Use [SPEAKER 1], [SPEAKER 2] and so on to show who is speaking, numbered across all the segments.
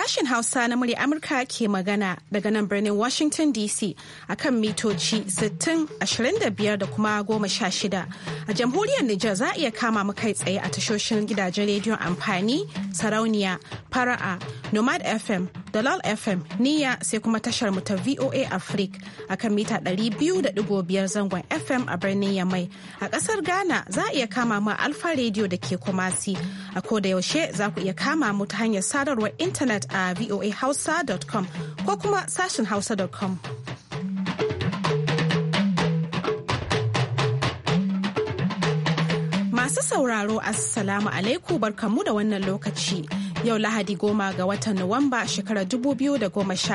[SPEAKER 1] sashen Hausa na murya Amurka ke magana daga nan birnin Washington DC a kan mitoci 6025 da kuma 16. A jamhuriyar Nijar za a iya kama mu kai tsaye a tashoshin gidajen rediyon amfani, sarauniya, fara'a, Nomad FM, Dalal FM, niya sai kuma tashar mu ta VOA Africa kan mita 200.5 zangon FM a birnin Yamai. A ƙasar Ghana za a iya kama mu Alfa Radio da ke Kumasi. A ko da yaushe za ku iya kama mu ta hanyar sadarwar intanet a a voahausa.com ko kuma sashen hausa.com. Masu sauraro Assalamu alaikum barkamu da wannan lokaci. Yau Lahadi goma ga watan Nuwamba shekarar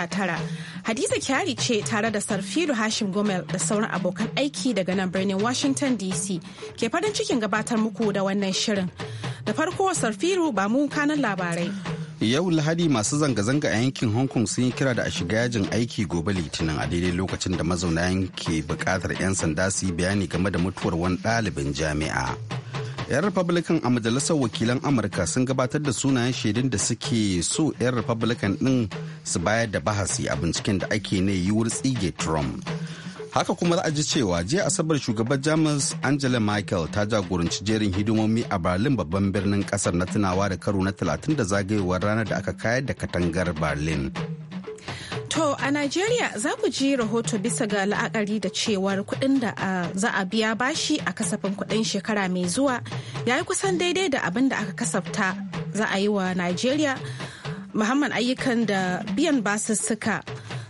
[SPEAKER 1] tara, Hadiza Kyari ce tare da Sarfilu Hashim Gomel da sauran abokan aiki daga nan birnin Washington DC ke farin cikin gabatar muku da wannan shirin. Da farko Sarfilu ba mu kanan labarai.
[SPEAKER 2] yau lahadi masu zanga-zanga a yankin hong kong sun yi kira da a shiga yajin aiki gobe litinin a daidai lokacin da mazauna yanke bukatar 'yan sanda su yi bayani game da mutuwar wani ɗalibin jami'a 'yan republican a majalisar wakilan amurka sun gabatar da sunayen shaidun da suke so 'yan republican din su bayar da bahasi a binciken da ake na yiwuwar tsige trump haka kuma za ji cewa jiya asabar shugabar jamus angela michael ta jagoranci jerin hidimomi a berlin babban birnin kasar na tunawa da karo na 30 da zagayowar ranar da aka kayar da katangar berlin
[SPEAKER 1] To a Najeriya za ku ji rahoto bisa ga la'akari da cewar kuɗin da za a biya bashi a kasafin kuɗin shekara mai zuwa ya yi kusan daidai da abin da aka kasafta za a yi wa Najeriya. Muhammad ayyukan da biyan basussuka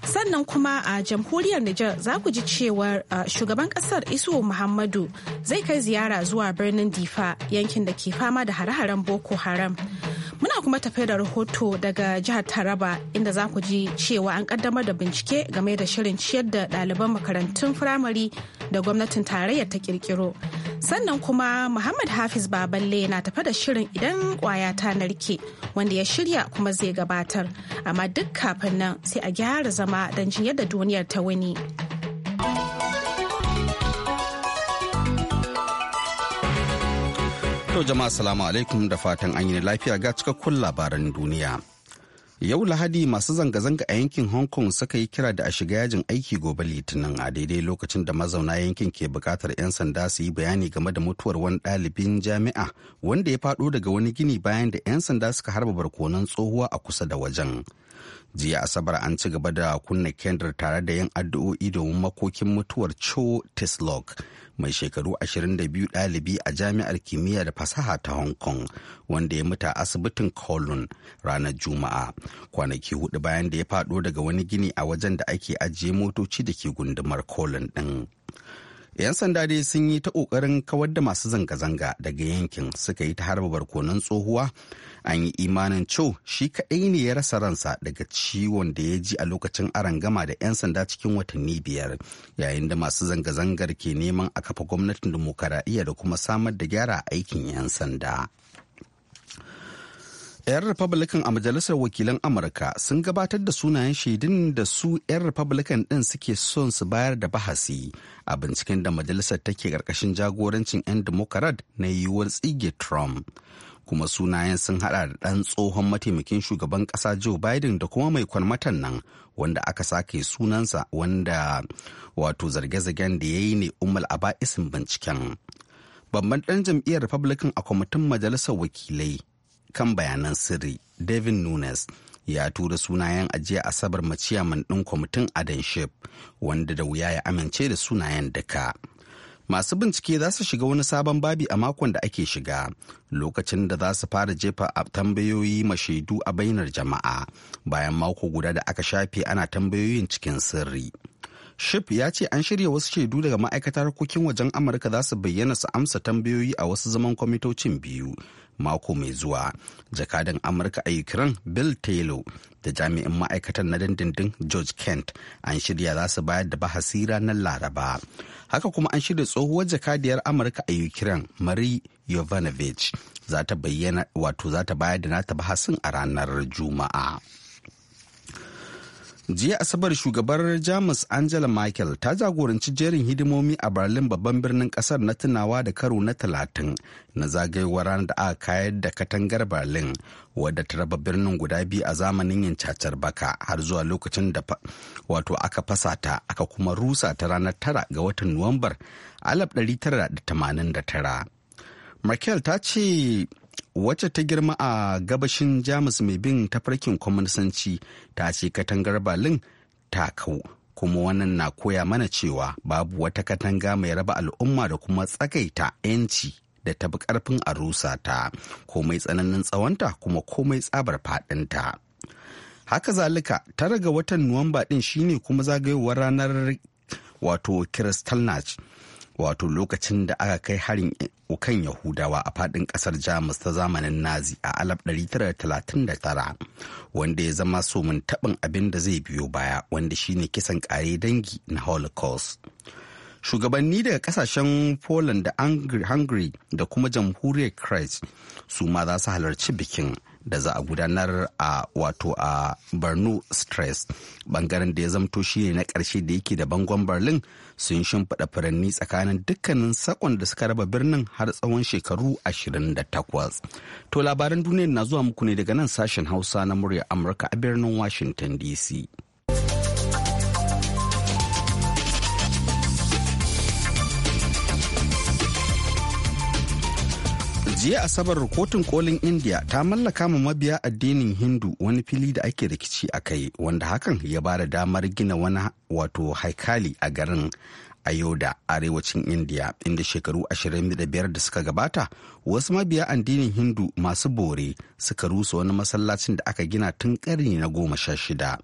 [SPEAKER 1] sannan kuma a jamhuriyar Nijar za ku ji cewar shugaban kasar Isuwa Muhammadu zai kai ziyara zuwa birnin Difa yankin da ke fama da hare-haren Boko Haram. Muna kuma tafe da rahoto daga jihar Taraba inda za ku ji cewa an kaddamar da bincike game da shirin ciyar da ɗaliban makarantun firamare da gwamnatin tarayyar ta ƙirƙiro. sannan kuma muhammad hafiz baballe na tafa da shirin idan kwaya ta narke wanda ya shirya kuma zai gabatar amma duk kafin nan sai a gyara zama don jin yadda duniyar ta wuni
[SPEAKER 2] To jama'a salamu alaikum da fatan an yi lafiya ga cikakkun labaran duniya. Yau Lahadi masu zanga-zanga a yankin Hong Kong suka yi kira da a shiga yajin aiki gobe Litinin a daidai lokacin da mazauna yankin ke bukatar 'yan sanda su yi bayani game da mutuwar wani ɗalibin jami'a wanda ya faɗo daga wani gini bayan da 'yan sanda suka harba barkonon tsohuwa a kusa da wajen. jiya asabar an ci gaba da kunna kendir tare da yin addu'o'i domin makokin mutuwar cho tislog mai shekaru 22 ɗalibi a jami'ar kimiyya da fasaha ta hong kong wanda ya mutu a asibitin kowloon ranar juma'a kwanaki hudu bayan da ya faɗo daga wani gini a wajen da ake ajiye motoci da ke gundumar kowloon ɗin 'Yan sanda dai sun yi ta ƙoƙarin kawar da masu zanga-zanga daga yankin suka yi ta harba barkonon tsohuwa an yi imanin cewa shi kaɗai ne ya rasa ransa daga ciwon da ya ji a lokacin arangama da 'yan sanda cikin watanni biyar yayin da masu zanga-zangar ke neman a kafa gwamnatin dimokuraɗiyya da kuma samar da gyara aikin 'yan sanda. 'yan republican a majalisar wakilan amurka sun gabatar da sunayen shaidun da su 'yan republican ɗin suke son su bayar da bahasi a binciken da majalisar take ƙarƙashin jagorancin 'yan democrat na yiwuwar tsige trump kuma sunayen sun hada da ɗan tsohon mataimakin shugaban ƙasa joe biden da kuma mai kwanmatan nan wanda aka sake sunansa wanda wato zarge-zargen da ya yi ne umar baisin binciken babban ɗan jam'iyyar republican a kwamitin majalisar wakilai kan bayanan sirri david nunes ya tura sunayen ajiya asabar maciyaman ɗin kwamitin adan wanda da wuya ya amince da sunayen duka masu bincike za su shiga wani sabon babi a makon da ake shiga lokacin da za su fara jefa a tambayoyi mashaidu a bainar jama'a bayan mako guda da aka shafe ana tambayoyin cikin sirri. Ship ya ce an shirya wasu shaidu daga ma'aikatar harkokin wajen Amurka za su bayyana su amsa tambayoyi a wasu zaman kwamitocin biyu mako mai zuwa. Jakadan Amurka a Ukraine Bill Taylor da jami'in ma'aikatar na dindindin George Kent an shirya za su bayar da bahasi ranar Laraba. Haka kuma an shirya tsohuwar jakadiyar Amurka a Ukraine Marie Yovanovich za ta bayyana wato za ta bayar da nata bahasin a ranar Juma'a. jiya asabar shugabar jamus angela merkel ta jagoranci jerin hidimomi a berlin babban birnin kasar na tunawa da karo na talatin na zagayowar ranar da aka kayar da katangar berlin wadda ta raba birnin guda biyu a zamanin yin cacar baka har zuwa lokacin da wato aka fasa ta aka kuma rusa ta ranar tara ga watan nuwambar 1989 merkel ta ce wacce ta girma a gabashin jamus mai bin tafarkin kwamnisanci ta ce katangar berlin ta kau kuma wannan na koya mana cewa babu wata katanga mai raba al'umma da kuma tsakaita 'yanci da ta bi karfin a rusa ta komai tsananin tsawonta kuma komai tsabar fadinta. haka zalika ta raga watan nuwamba din shine kuma zagayowar ranar wato kristallnacht wato lokacin da aka kai harin kan yahudawa a fadin kasar jamus ta zamanin nazi a alaf 1939 wanda ya zama so somin taɓin abin da zai biyo baya wanda shine kisan ƙare dangi na holocaust shugabanni daga kasashen poland da hungary da kuma jamhuriyar christ su ma za su halarci bikin da za a gudanar a wato a Borno Stress. Bangaren da ya zamto shi ne na ƙarshe da yake da bangon Berlin sun shimfiɗa furanni tsakanin dukkanin sakon da suka raba birnin har tsawon shekaru 28. To labaran duniyar na zuwa muku ne daga nan sashen Hausa na murya Amurka a birnin Washington DC. jiya asabar rikotin kolin india ta mallaka ma mabiya addinin hindu wani fili da ake rikici a kai wanda hakan ya ba da damar gina wani wato haikali a garin ayoda arewacin india inda shekaru 25 da suka gabata wasu mabiya addinin hindu masu bore suka rusa wani masallacin da aka gina tun karni na goma sha shida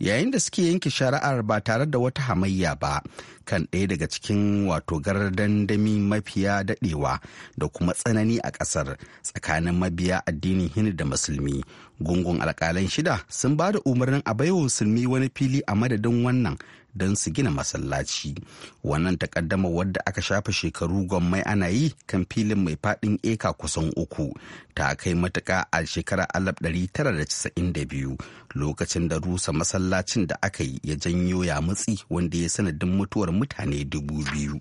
[SPEAKER 2] yayin da suke yanke shari'ar ba tare da wata hamayya ba kan ɗaya daga cikin wato garar dandami mafiya daɗewa da kuma tsanani a ƙasar tsakanin mabiya addinin hindu da musulmi gungun alƙalan shida sun ba da umarnin a baiwa musulmi wani fili a madadin wannan don su gina masallaci wannan takaddama wadda aka shafa shekaru gwammai ana yi kan filin mai faɗin eka kusan uku ta kai matuka a shekarar 1992 lokacin da rusa masallacin da aka yi ya janyo ya mutsi wanda ya sanadin mutuwar mutane dubu biyu.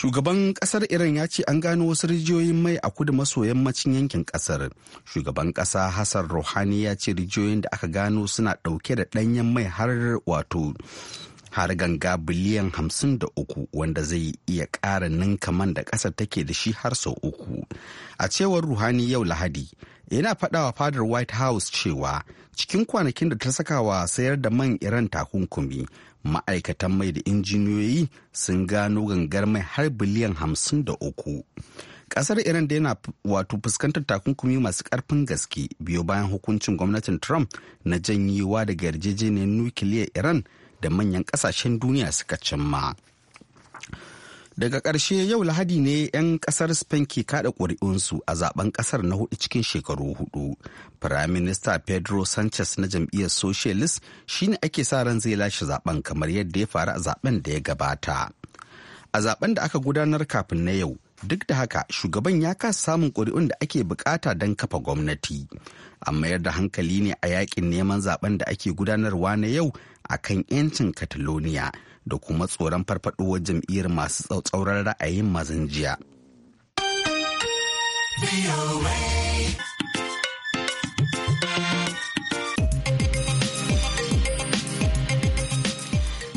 [SPEAKER 2] shugaban kasar iran ya ce an gano wasu rijiyoyin mai a kudu maso yammacin yankin kasar shugaban kasa hassan rouhani ya ce rijiyoyin da aka gano suna dauke da danyen mai har wato har ganga biliyan hamsin da uku wanda zai iya ƙara ninka man da ƙasar take da shi har sau uku a cewar ruhani yau lahadi yana faɗawa fadar white house cewa cikin kwanakin da ta saka wa sayar da man iran takunkumi ma'aikatan mai da injiniyoyi sun gano gangar mai har biliyan hamsin da uku. Kasar Iran da yana wato fuskantar takunkumi masu karfin gaske biyo bayan hukuncin gwamnatin Trump na janyewa daga yarjejeniyar nukiliyar Iran da manyan kasashen duniya suka cimma. daga ƙarshe yau lahadi ne 'yan ƙasar spain ke kada ƙuri'unsu a zaben ƙasar na hudu cikin shekaru hudu firaminista pedro sanchez na jam'iyyar socialist shine ake sa ran zai lashe zaben kamar yadda ya faru a zaben da ya gabata a zaben da aka gudanar kafin na yau duk da haka shugaban ya kasa samun ƙuri'un da ake bukata don kafa gwamnati a mayar da hankali ne a yakin neman zaben da ake gudanarwa na yau a kan 'yancin catalonia da kuma tsoron farfaɗowar jam'iyyar masu tsautsauran ra'ayin mazan jiya.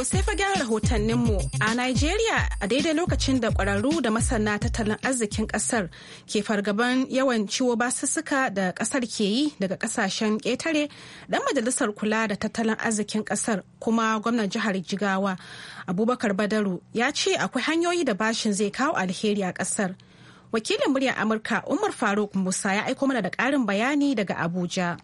[SPEAKER 1] fa sai fagen rahotanninmu a Najeriya a daidai lokacin da ƙwararru da masana tattalin arzikin ƙasar ke fargaban yawan ciwo basussuka da ƙasar ke yi daga ƙasashen ƙetare ɗan majalisar kula da tattalin arzikin ƙasar kuma gwamnan jihar Jigawa Abubakar Badaru ya ce akwai hanyoyi da bashin zai kawo alheri a ƙasar. Wakilin muryar Amurka Umar Faruk Musa ya aiko mana da ƙarin bayani daga Abuja.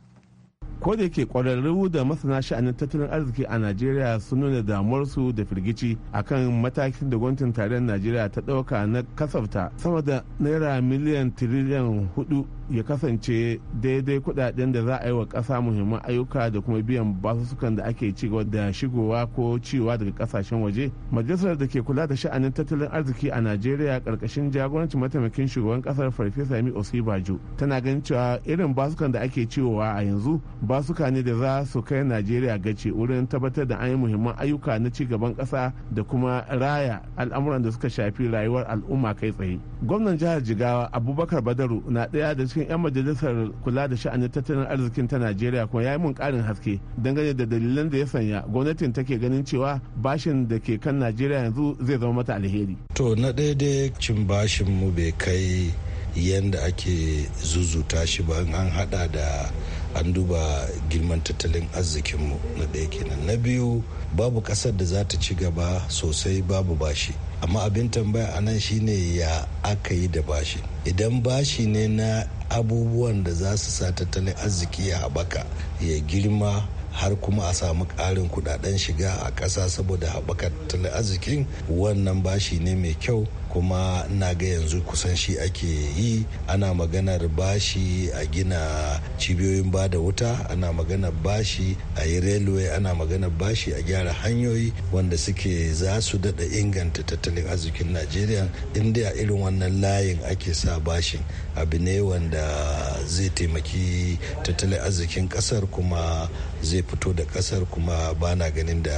[SPEAKER 3] ko da yake kwararru da masana sha'anin tattalin arziki a najeriya sun nuna damuwarsu da firgici akan matakin da gwamnatin tarayyar najeriya ta ɗauka na kasafta sama da naira miliyan tiriliyan hudu ya kasance daidai kudaden da za a yi wa kasa muhimman ayyuka da kuma biyan basussukan da ake ci da shigowa ko ciwa daga kasashen waje majalisar da ke kula da sha'anin tattalin arziki a najeriya karkashin jagorancin mataimakin shugaban kasar farfesa mi osibaju tana ganin cewa irin basukan da ake ciwowa a yanzu basuka ne da za su kai najeriya gace wurin tabbatar da an yi muhimman ayyuka na ci gaban kasa da kuma raya al'amuran da suka shafi rayuwar al'umma kai tsaye gwamnan jihar jigawa abubakar badaru na ɗaya da cikin 'yan majalisar kula da sha'anin tattalin arzikin ta najeriya kuma ya yi mun ƙarin haske dangane da dalilan da ya sanya gwamnatin take ganin cewa bashin da ke kan najeriya yanzu zai zama mata alheri
[SPEAKER 4] to na ɗaya da cin bashin mu bai kai yanda ake zuzuta shi ba an hada da an duba girman tattalin arzikinmu na ɗaya kenan na biyu babu ƙasar da za ta ci gaba sosai babu bashi amma abin tambaya a nan shine ya aka yi da bashi idan bashi ne na abubuwan da za su sa tattalin arziki ya haɓaka ya girma har kuma a samu ƙarin kudaden shiga a ƙasa saboda haɓaka tattalin arzikin wannan bashi ne mai kyau kuma na ga yanzu kusan shi ake yi ana maganar bashi a gina cibiyoyin ba da wuta ana maganar bashi a yi railway ana maganar bashi a gyara hanyoyi wanda suke za su daɗa inganta tattalin arzikin najeriya inda a irin wannan layin ake sa bashin abu ne wanda zai taimaki tattalin arzikin kasar kuma zai fito da kasar kuma ba na ganin da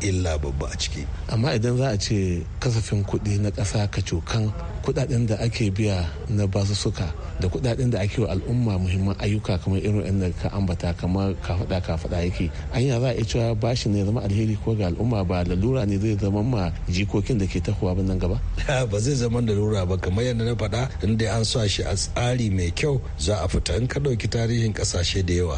[SPEAKER 4] illa babba a ciki
[SPEAKER 3] amma idan za a ce kasafin kuɗi na ƙasa 可抽空。kudaden da ake biya na basussuka da kudaden da ake wa al'umma muhimman ayyuka kamar irin yan da ka ambata kamar ka faɗa ka faɗa yake anya za a cewa bashi ne zama alheri ko ga al'umma ba lalura ne zai zama ma jikokin da ke tahowa ba nan gaba
[SPEAKER 4] ba zai zama lalura ba kamar yadda na faɗa inda an sa shi a tsari mai kyau za a fita in ka ɗauki tarihin kasashe da yawa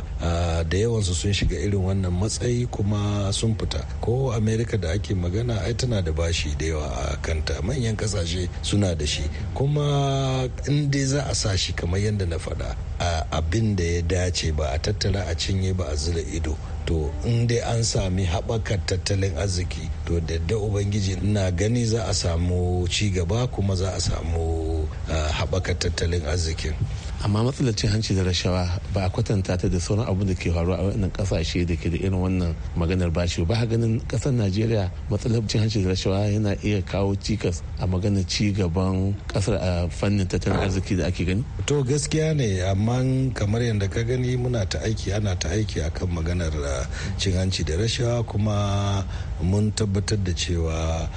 [SPEAKER 4] da yawansu sun shiga irin wannan matsayi kuma sun fita ko amerika da ake magana ai tana da bashi da yawa a kanta manyan kasashe suna da shi shi kuma in dai za a sa shi kamar yadda na faɗa a abin da ya dace ba a tattara a cinye ba a zira ido to in dai an sami haɓakar tattalin arziki to da ubangiji na gani za a samu
[SPEAKER 3] ci gaba kuma za a samu haɓakar tattalin arzikin amma matsalar hanci da rashawa ba a kwatanta ta da sauran abin da ke faruwa a wannan kasashe da ke da irin wannan maganar bashi ba ganin kasar najeriya matsalar hanci da rashawa yana iya kawo cikas a maganar ci gaban kasar a fannin tattalin arziki da ake gani
[SPEAKER 4] to gaskiya ne amma kamar yadda ka gani muna ta aiki ana ta aiki akan maganar cin hanci da rashawa kuma mun tabbatar da cewa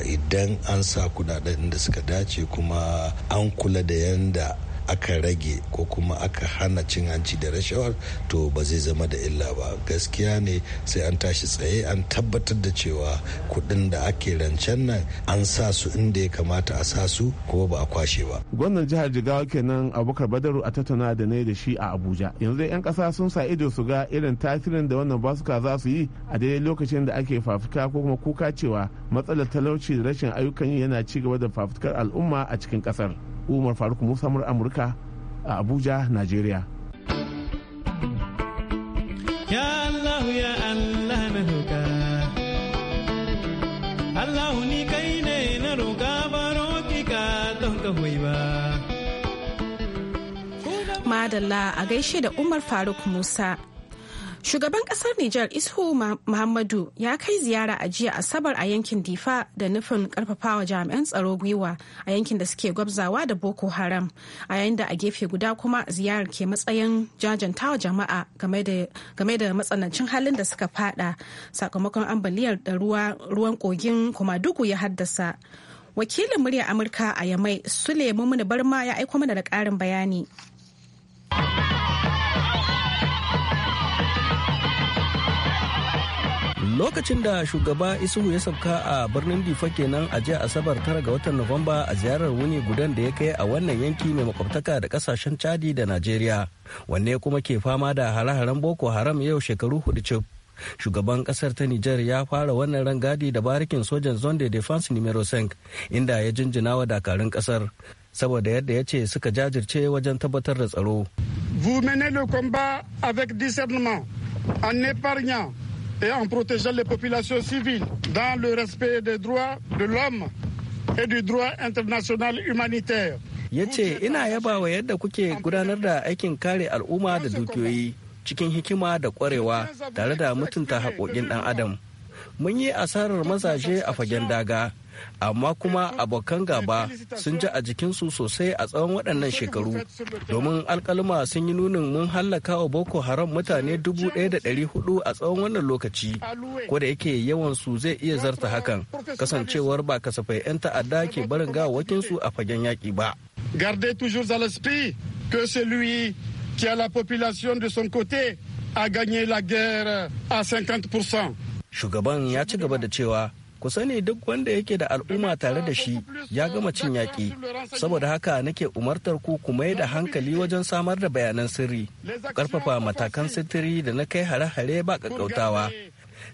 [SPEAKER 4] idan an sa kudaden da suka dace kuma an kula da yanda aka rage ko kuma aka hana cin hanci da rashawar to ba zai zama da illa ba gaskiya ne sai an tashi tsaye an tabbatar da cewa kuɗin da ake rancen nan an sa su inda ya kamata a sa su kuma ba a kwashe ba
[SPEAKER 3] gwamnan jihar jigawa kenan abubakar badaru a tattauna da ne da shi a abuja yanzu yan kasa sun sa ido su ga irin tasirin da wannan basuka za su yi a daidai lokacin da ake fafuta ko kuma kuka cewa matsalar talauci da rashin ayyukan yi yana ci gaba da fafutukar al'umma a cikin kasar. umar faruk musa amurka a abuja nigeria
[SPEAKER 1] madalla a gaishe da umar faruk musa Shugaban kasar Nijar Ishu Muhammadu ya kai ziyara a jiya Asabar a yankin Difa da nufin karfafawa jami'an tsaro gwiwa a yankin da suke gwabzawa da Boko Haram, a yayin da a gefe guda kuma ziyarar ke matsayin jajantawa jama'a game da matsanancin halin da suka fada sakamakon ambaliyar da ruwan kogin Kumadugu ya haddasa. Wakilin murya Amurka a Yamai Sule Mumuni Barma ya aiko mana da ƙarin bayani.
[SPEAKER 5] lokacin da shugaba isuhu ya sauka a birnin difa kenan a jiya asabar tara ga watan nuwamba a ziyarar wuni gudan da ya kai a wannan yanki mai makwabtaka da kasashen chadi da najeriya wanne kuma ke fama da hare-haren boko haram yau shekaru hudu cif shugaban kasar ta nijar ya fara wannan rangadi da barikin sojan zonde defense numero 5 inda ya jinjina wa dakarun kasar saboda yadda ya ce suka jajirce wajen tabbatar da tsaro vous menez le combat avec discernement en épargnant et en protégeant les populations civiles dans le respect des droits de l'homme et
[SPEAKER 3] du droit international humanitaire.
[SPEAKER 5] Ya ce, ina yaba wa yadda kuke gudanar da aikin kare al'umma da dukiyoyi cikin hikima da kwarewa tare da mutunta haƙoƙin ɗan adam. Mun yi asarar mazaje a fagen daga amma kuma abokan gaba sun ji a jikinsu sosai a tsawon waɗannan shekaru domin alkalma sun yi nunin mun hallaka wa boko haram mutane 1,400 a tsawon wannan lokaci ko da yake su zai iya zarta hakan kasancewar ba kasafai 'yan ta'adda ke barin gawakinsu a fagen yaƙi ba. garde toujours à l'esprit que celui qui a la population de son côté a gagné la guerre à 50%. Shugaban ya ci gaba da cewa ku sani duk wanda yake da al'umma tare da shi ya gama cin yaƙi saboda haka nake umartar ku ku mai da hankali wajen samar da bayanan sirri ku karfafa matakan sitiri da na kai hare-hare ba ƙaƙƙautawa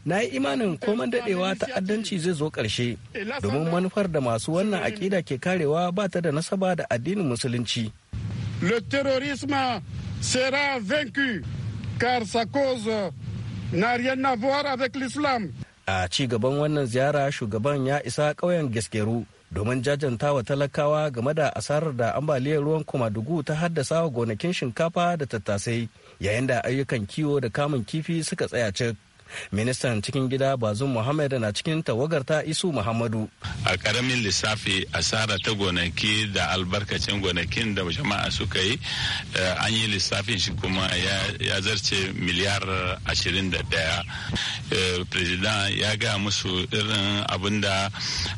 [SPEAKER 5] na yi imanin koman daɗewa ta'addanci zai zo ƙarshe domin manufar da masu wannan aƙida ke karewa ba ta da nasaba da addinin musulunci le terrorisme sera vaincu car sa cause n'a rien à voir avec l'islam a ci gaban wannan ziyara shugaban ya isa ƙauyen gaskeru domin jajanta wa talakawa game da asarar da ambaliyar ruwan komadugu ta haddasa wa gonakin shinkafa da tattasai yayin da ayyukan kiwo da kamun kifi suka tsaya cik ministan cikin gida bazum muhammad na cikin tawagar ta isu muhammadu
[SPEAKER 3] a karamin lissafi asara ta gonaki da albarkacin gonakin da jama'a suka yi eh, an yi lissafin shi kuma ya zarce miliyar 21 eh, president ya ga musu irin abin da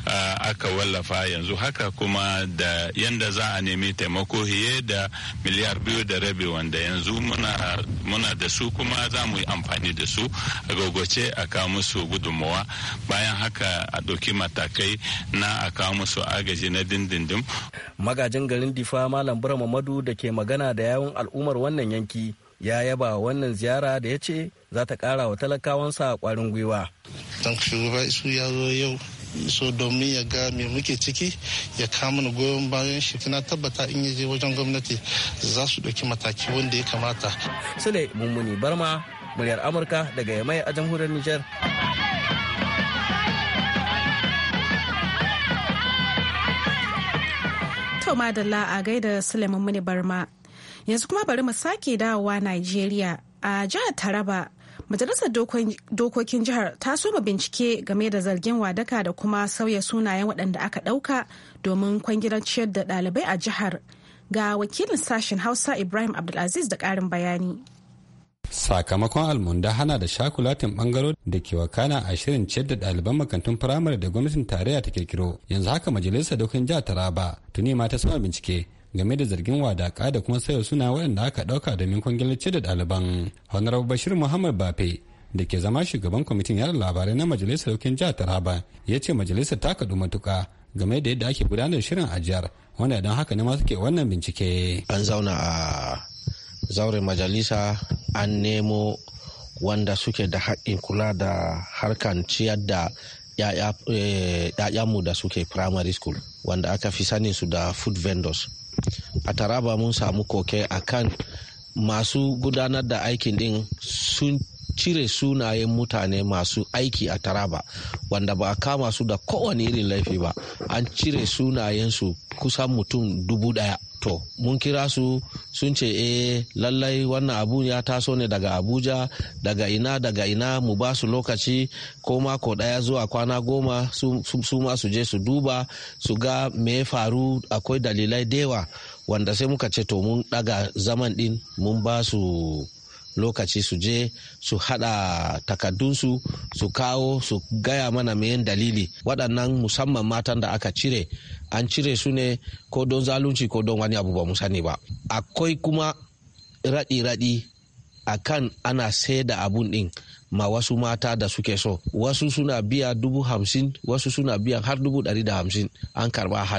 [SPEAKER 3] eh, aka wallafa yanzu haka kuma da yanda za a nemi taimako hiye da miliyar biyu da rabi wanda yanzu muna da su kuma za mu yi amfani da su gogoce a kawo musu gudunmawa bayan haka a ɗauki matakai na a kawo musu agaji na dindindin.
[SPEAKER 5] magajin garin difa malam bura mamadu da ke magana da yawon al'ummar wannan yanki ya yaba wannan ziyara da ya ce za ta kara wa talakawansa kwarin gwiwa. don shugaba isu ya zo yau so domin ya ga me muke ciki ya kama na goyon bayan shi tana tabbata in ya je wajen gwamnati za su ɗauki mataki wanda ya kamata. sule mummuni barma muryar amurka daga yamai a jamhuriyar nijar
[SPEAKER 1] to madalla a gaida suleiman muni barma yanzu kuma bari mu sake dawowa nigeria a jihar taraba majalisar dokokin jihar ta soma bincike game da zargin wadaka da kuma sauya sunayen waɗanda aka ɗauka domin kwangilar ciyar da ɗalibai a jihar ga wakilin sashen hausa ibrahim abdulaziz da ƙarin bayani
[SPEAKER 6] sakamakon almunda hana da shakulatin bangaro da ke wakana a shirin ciyar da ɗaliban makarantun firamare da gwamnatin tarayya ta kirkiro yanzu haka majalisar dokin jihar taraba tuni ma ta sama bincike game da zargin wadaka da kuma sayo suna waɗanda aka ɗauka domin kwangilar ciyar da ɗaliban honar bashir muhammad bafe da ke zama shugaban kwamitin yada labarai na majalisar dokin jihar taraba ya ce majalisar ta kaɗu matuƙa game da yadda ake gudanar shirin ajiyar wanda don haka ne ma suke wannan bincike an zauna a
[SPEAKER 7] zaure majalisa an nemo wanda suke da haƙƙin kula da harkan ciyar da eh, ‘ya'yanmu da suke primary school wanda aka fi sanin su da food vendors a taraba mun samu koke a kan masu gudanar da aikin din sun cire sunayen mutane masu aiki a taraba wanda ba a kama su da kowane irin laifi ba an cire sunayensu kusan mutum dubu daya to mun kira su sun ce e lallai wannan abu ya taso ne daga abuja daga ina daga ina mu ba su lokaci ko mako daya zuwa kwana goma su ma su je su duba su ga me faru akwai dalilai dewa wanda sai muka ce to mun daga zaman din mun ba su lokaci su je su hada takaddunsu su kawo su gaya mana mayan dalili waɗannan musamman matan da aka cire an cire su ne ko don zalunci ko don wani abu ba mu sani ba akwai kuma raɗi-raɗi a kan ana sai da abun ɗin ma wasu mata da suke so wasu suna biya dubu hamsin wasu suna biya har dubu ɗari da hamsin an karba
[SPEAKER 6] a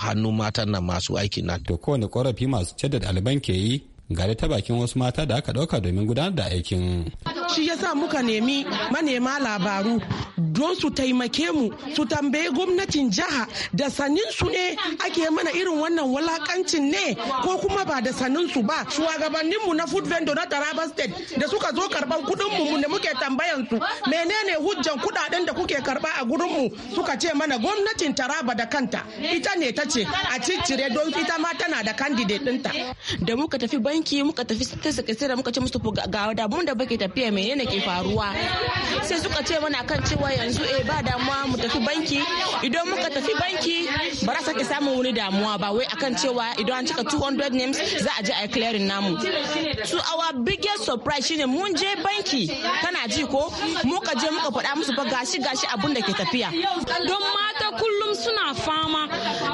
[SPEAKER 6] hannun matan nan masu aikin nan to kowane korafi masu cedar da ke yi gari ta bakin wasu mata da aka ɗauka domin gudanar da aikin.
[SPEAKER 7] Shi ya sa muka nemi manema labaru don su taimake mu su tambaye gwamnatin jiha da sanin su ne ake mana irin wannan walakancin ne ko kuma ba da sanin su ba shugabannin mu na food vendor na Taraba state da suka zo karban kudin mu da muke tambayan su menene hujjan kudaden da kuke karba a gurin mu suka ce mana gwamnatin Taraba da kanta ita ne ta ce a ciccire don ita ma tana da candidate ɗinta da muka tafi
[SPEAKER 1] banki muka tafi ta sakasira muka ce musu ga damun da bake tafiya mai yana ke faruwa sai suka ce mana kan cewa yanzu eh ba damuwa mu tafi banki idan muka tafi banki ba za sake samun wani damuwa ba wai akan cewa idan an cika 200 names za a je a clearing namu to our biggest surprise shine mun je banki kana ji ko muka je muka faɗa musu ba gashi gashi abun da ke tafiya don mata kullum suna fama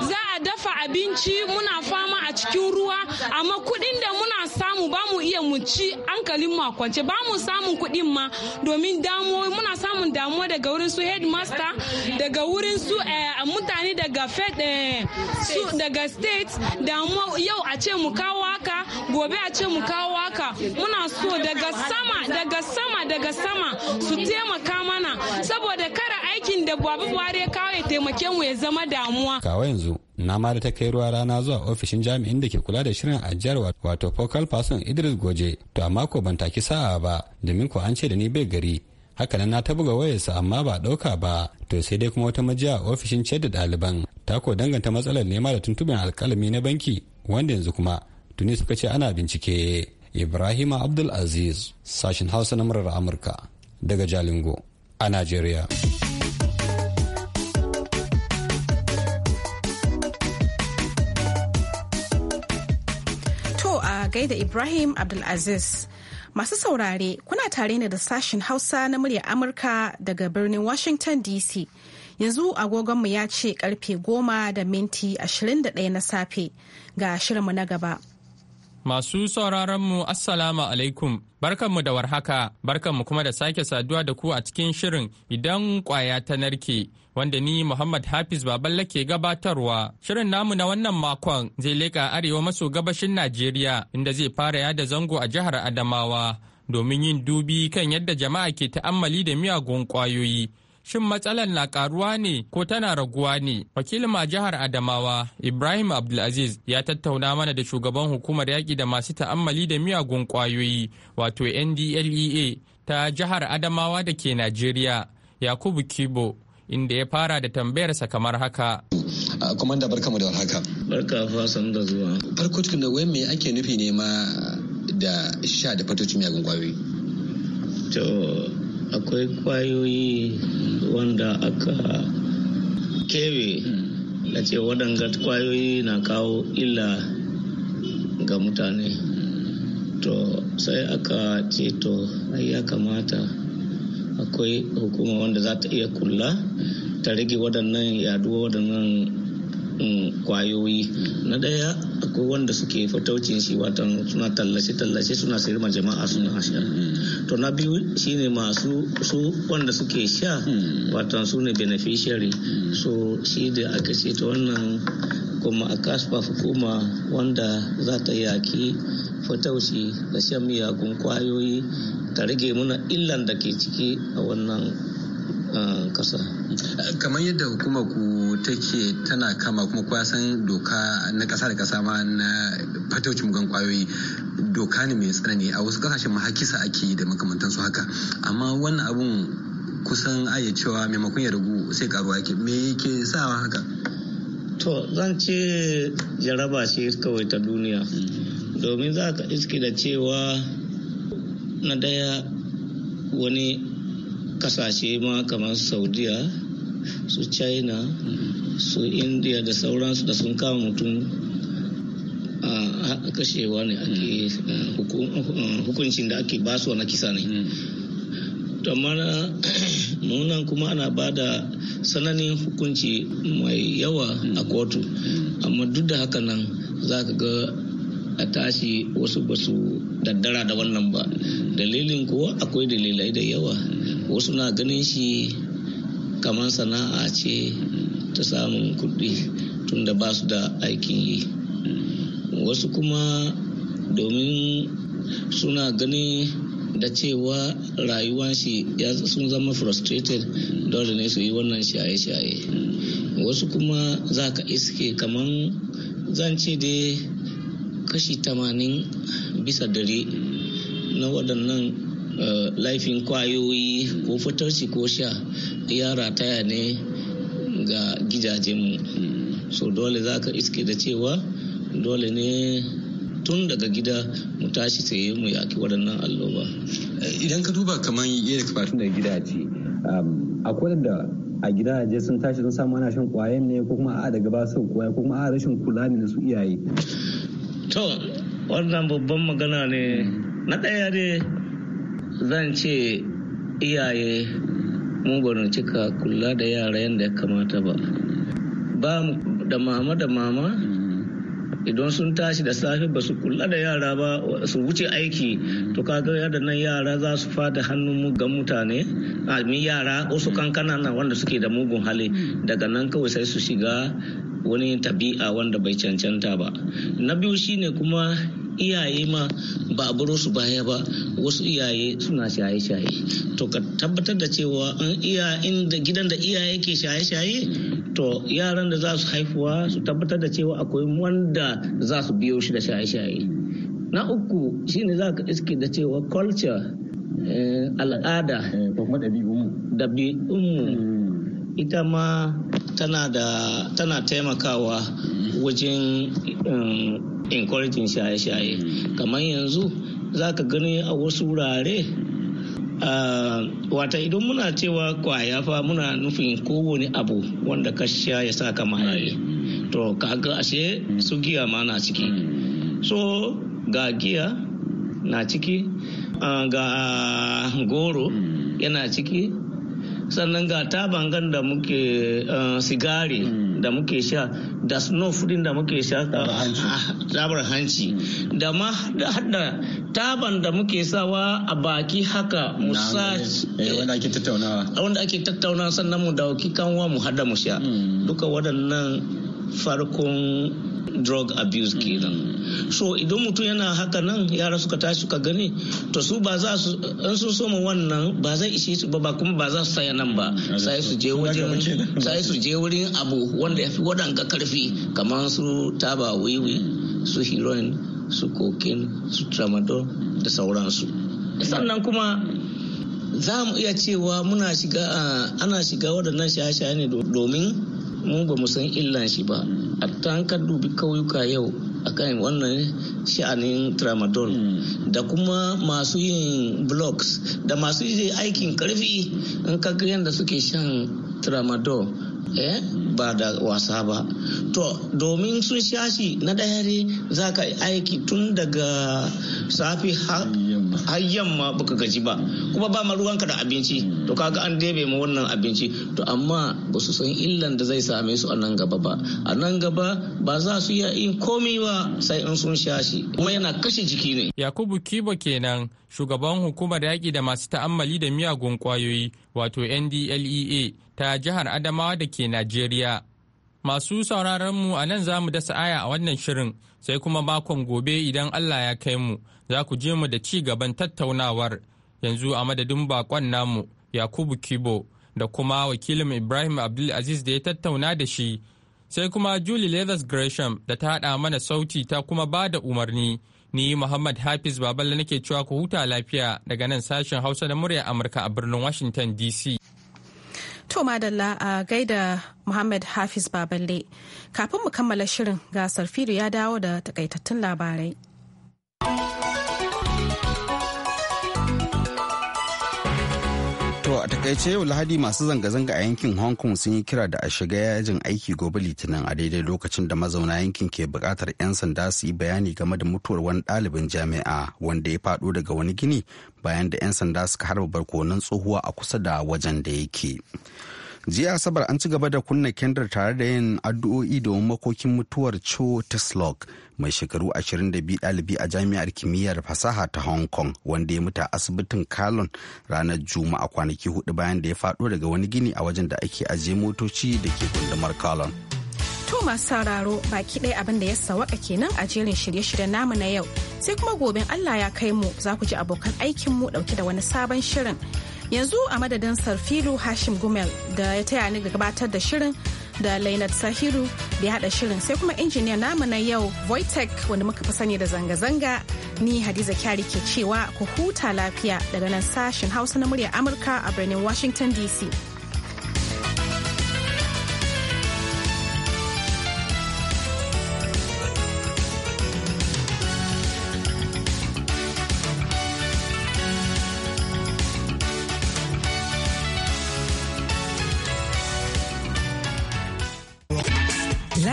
[SPEAKER 1] za dafa abinci muna fama a cikin ruwa amma kuɗin da muna samu ba mu iya mu ci hankalin makwance kwance ba mu samun kuɗin ma domin damuwa muna samun damuwa daga wurin su headmaster daga wurin su eh, mutane daga fed eh, su daga state damuwa yau a ce mu kawo haka gobe a ce mu kawo haka muna so daga sama daga sama daga sama su taimaka mana saboda kara aikin da babu buhari ya kawo ya taimake mu ya zama damuwa
[SPEAKER 6] kawai yanzu na ma da ta kai ruwa rana zuwa ofishin jami'in da ke kula da shirin ajiyar wato focal person idris goje to amma ko ban taki sa'a ba domin ko an ce da ni bai gari hakanan na ta buga wayarsa amma ba ɗauka ba to sai dai kuma wata majiya a ofishin ciyar da ɗaliban ta ko danganta matsalar nema da tuntubin alkalami na banki wanda yanzu kuma tuni suka ce ana bincike ibrahima abdulaziz sashen hausa na murar amurka daga jalingo a najeriya.
[SPEAKER 1] gaida Ibrahim Abdulaziz. Masu saurare, kuna tare ne da sashen Hausa na murya Amurka daga birnin Washington DC. Yanzu agogonmu ya ce karfe goma da minti 21 na safe ga shirinmu na gaba.
[SPEAKER 8] Masu sauraronmu Assalamu alaikum, barkanmu da warhaka, barkanmu kuma da sake saduwa da ku a cikin shirin idan kwaya ta narke, wanda ni Muhammad Hafiz Baballe ke gabatarwa. Shirin namu na wannan makon zai leƙa arewa maso gabashin Najeriya, inda zai fara yada zango a jihar Adamawa, domin yin dubi kan yadda jama'a ke ta'ammali da miyagun kwayoyi. shin matsalar na karuwa ne ko tana raguwa ne wakilin a jihar adamawa ibrahim abdulaziz ya tattauna mana da shugaban hukumar yaƙi da masu ta'ammali da miyagun ƙwayoyi wato ndlea ta jihar adamawa da ke najeriya yakubu kibo inda ya fara da tambayarsa kamar haka
[SPEAKER 6] komanda ah, barka mu da warhaka barka fasan da zuwa farko tukun da wai me ake nufi ne ma da sha da fatocin miyagun To akwai
[SPEAKER 9] kwayoyi wanda aka kewe da hmm. ce waɗanga kwayoyi na kawo illa ga mutane hmm. to sai aka ce to ya kamata akwai hukuma wanda za ta iya kula ta rage waɗannan yaduwa waɗannan kwayoyi na daya akwai wanda suke fataucin shi watan suna tallace-tallace suna sayar ma jama'a suna sha mm-hmm. to na biyu shine masu su wanda suke sha mm-hmm. watan su ne beneficiary mm-hmm. so shi da aka ce ta wannan kuma a kasfa hukuma wanda za ta yaki fatauci da shan miyagun kwayoyi ta rage muna illan da ke ciki a
[SPEAKER 6] wannan kasa ah, kamar yadda hukumar ku take tana kama kuma kowa san doka na ƙasa da ƙasa ma na fatocin mugan kwayoyi doka ne mai tsanani a wasu ƙasashen ma hakisa ake da makamantan su haka amma wannan abun kusan aya cewa maimakon ya ragu sai karuwa yake me yake sawa haka
[SPEAKER 9] to zan ce jaraba ce kawai ta duniya mm. domin za ka iske da cewa na daya wani kasashe ma kamar saudiya su china su india da sauransu da sun kama mutum a kashewa ne ake mm. hukuncin da ake basuwa na kisa ne mm. tamara munan kuma ana ba da sananin hukunci mai yawa a mm. kotu amma duk da haka nan za ka ga a tashi wasu ba su daddara da wannan ba dalilin kuwa akwai dalilai da yawa wasu na ganin shi kamar sana'a ce ta samun kuɗi tunda ba su da aikin yi wasu kuma domin suna gani da cewa rayuwan shi sun zama frustrated dole ne su yi wannan shaye-shaye wasu kuma za ka iske kamar zance da kashi tamanin bisa dare na waɗannan eh, laifin kwayoyi ko fatarci ko sha yara taya ne ga mu hmm. so dole za ka iske da cewa dole ne tun daga gida
[SPEAKER 6] mu tashi tsaye mu yaki waɗannan alloba idan ka duba kamar yadda kafatun da gidaje um, akwai da a gidaje sun tashi sun samu ana shan kwayan ne ko kuma a daga ba su kwaya ko kuma a rashin kula ne na su iyaye to wannan babban
[SPEAKER 9] magana ne hmm. na ɗaya ne zan ce iyaye mu ba cika kula da yara yadda ya kamata ba ba da mama da mama idan sun tashi da safe ba su kula da yara ba su wuce aiki to kaga yadda nan yara za su fada hannun ga mutane a yara wasu kankana na wanda suke da mugun hali daga nan kawai sai su shiga wani tabi'a wanda bai cancanta ba na biyu shine kuma iyaye ma ba a su baya ba wasu iyaye suna shaye-shaye to ka tabbatar da cewa an iya inda gidan da iyaye ke shaye-shaye to yaran da za su haifuwa su tabbatar da cewa akwai wanda za su biyo shi da shaye-shaye na uku shine za ka iske da cewa culture eh, al'ada eh, mu hmm. ita ma tana taimakawa wajen um, encouraging shaye-shaye hmm. kamar yanzu za ka gani a wasu wurare wata idan muna cewa kwaya fa muna nufin kowane abu wanda ka sha ya sa ka maye hmm. to kaga ashe hmm. su giya ma na ciki so ga giya na ciki ga goro yana ciki sannan ga gan da muke eh, sigari hmm. da muke sha da snuff din da muke sha tabar ah, hanci ah, hmm. da ma hada taban da muke sawa a baki haka musashi
[SPEAKER 6] eh, wanda ake
[SPEAKER 3] tattaunawa
[SPEAKER 9] wanda ake tattaunawa sannan mu dauki kanwa mu hada mu sha hmm. duka waɗannan farkon drug abuse kenan so idan mutum yana haka nan yara suka tashi suka gani to su ba za su in sun soma wannan ba zai ishe su ba kuma ba za su saya nan ba sai su je wajen sai su wurin abu wanda ya fi waɗanga karfi kamar su taba wiwi su heroin su cocaine su tramadol da sauransu sannan kuma za mu iya cewa muna shiga ana shiga waɗannan shaye-shaye ne domin mu ba mu san illan shi ba a ta ka dubi kauyuka yau akan wannan sha'anin tramadol mm. da kuma masu yin blocks da masu yin aikin karfi in ka yadda suke shan tramadol eh ba da wasa ba to domin sun sha shi na dayare za ka aiki tun daga safi har har yamma baka gaji ba kuma ba ma ruwanka da abinci to kaga an debe ma wannan abinci to amma ba su san illan da zai same su a nan gaba ba a nan gaba ba za su iya yin komai ba sai in sun sha shi kuma yana
[SPEAKER 8] kashe jiki ne yakubu kibo kenan shugaban hukumar yaƙi da masu ta'ammali da miyagun kwayoyi wato ndlea ta jihar adamawa da ke najeriya Masu sauraronmu a nan za mu dasa aya a wannan shirin sai kuma makon gobe idan Allah ya kai mu za ku je mu da ci gaban tattaunawar yanzu a madadin bakon namu Yakubu Kibo da kuma wakilin Ibrahim Abdulaziz da ya tattauna da shi sai kuma Julie Leathers Gresham da ta haɗa mana sauti ta kuma ba da umarni. Ni Muhammad Hafiz Baballe nake cewa ku huta lafiya daga nan sashen Hausa da murya Amurka a birnin Washington DC.
[SPEAKER 1] To madalla a gaida Muhammad Hafiz Baballe. Kafin mu kammala shirin gasar fido ya dawo da takaitattun labarai.
[SPEAKER 2] a takaice yau Lahadi masu zanga-zanga a yankin Hong Kong sun yi kira da a shiga yajin aiki gobe Litinin a daidai lokacin da mazauna yankin ke bukatar 'yan sanda su yi bayani game da mutuwar wani ɗalibin jami'a wanda ya faɗo daga wani gini bayan da 'yan sanda suka harba barkonon tsohuwa a kusa da wajen da yake. jiya asabar an ci gaba da kunna kendar tare da yin addu'o'i domin makokin mutuwar cho teslok mai shekaru 22 ɗalibi a jami'ar kimiyyar fasaha ta hong kong wanda ya mutu a asibitin kalon ranar juma'a kwanaki hudu bayan da ya faɗo daga wani gini a wajen da ake ajiye motoci da ke gundumar kalon
[SPEAKER 1] To masu sauraro baki ɗaya abin da ya sawaka kenan a jerin shirye-shiryen namu na yau sai kuma gobe Allah ya kai mu za ku ji abokan aikin mu ɗauke da wani sabon shirin. Yanzu a madadin Sarfilu Hashim Gumel da ya taya ni gabatar da shirin da Lainat Sahiru da ya haɗa shirin sai kuma injiniya namu na yau Voitech wanda muka fi sani da zanga-zanga ni Hadiza Kyari ke cewa ku huta lafiya daga nan sashen Hausa na murya Amurka a birnin Washington DC.